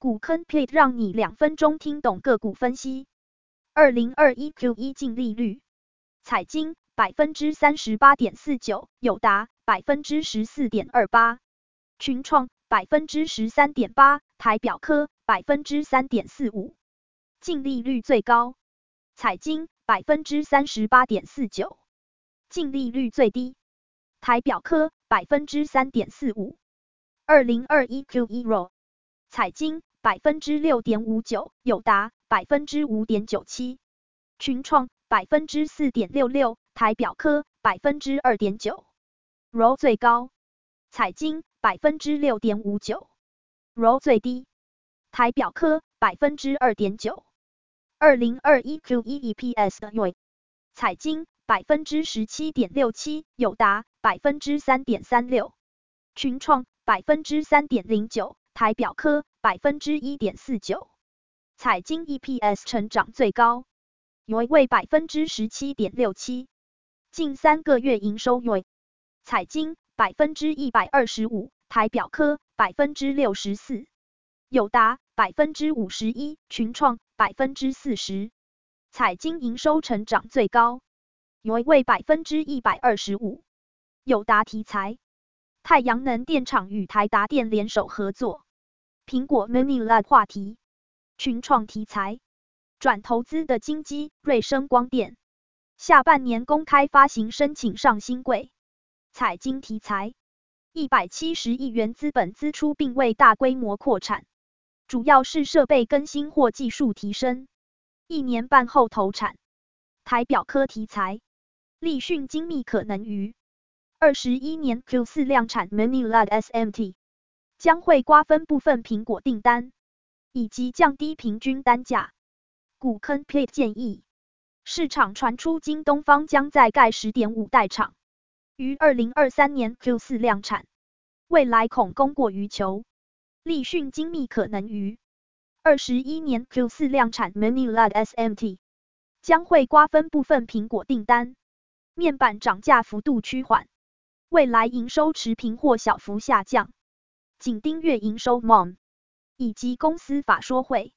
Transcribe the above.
股坑 plate 讓你兩分鐘聽懂個股分析。二零二一 Q 一、e、淨利率，彩晶百分之三十八點四九，友達百分之十四點二八，群創百分之十三點八，台表科百分之三點四五。淨利率最高，彩晶百分之三十八點四九；淨利率最低，台表科百分之三點四五。二零二一 Q 一 ROE，彩晶。百分之六點五九，友達百分之五點九七，群創百分之四點六六，台表科百分之二點九。ROE 最高，彩晶百分之六點五九，ROE 最低，台表科百分之二點九。二零二一 Q1 EPS 的月，彩晶百分之十七點六七，友達百分之三點三六，群創百分之三點零九，台表科百分之一點四九，彩晶 EPS 成長最高，YoY 為百分之十七點六七。近三個月營收 YoY，彩晶百分之一百二十五，台表科百分之六十四，友達百分之五十一，群創百分之四十。彩晶營收成長最高，YoY 為百分之一百二十五。友達題材，太陽能電廠與台達電聯手合作。蘋果 Mini LED 話題，群創題材，轉投資的金機、睿生光電，下半年公開發行申請上興櫃，彩晶題材，一百七十億元資本支出並未大規模擴產，主要是設備更新或技術提升，一年半後投產。台表科題材，立訊精密可能於二十一年 Q4 量產 Mini LED SMT。將會瓜分部分蘋果訂單，以及降低平均單價。股坑 plate 建議，市場傳出京東方將再蓋十點五代廠，於二零二三年 Q 四量產，未來恐供過於求。立訊精密可能於二十一年 Q 四量產 Mini LED SMT，將會瓜分部分蘋果訂單，面板漲價幅度趨緩，未來營收持平或小幅下降。緊盯月營收，MoM，以及公司法說會。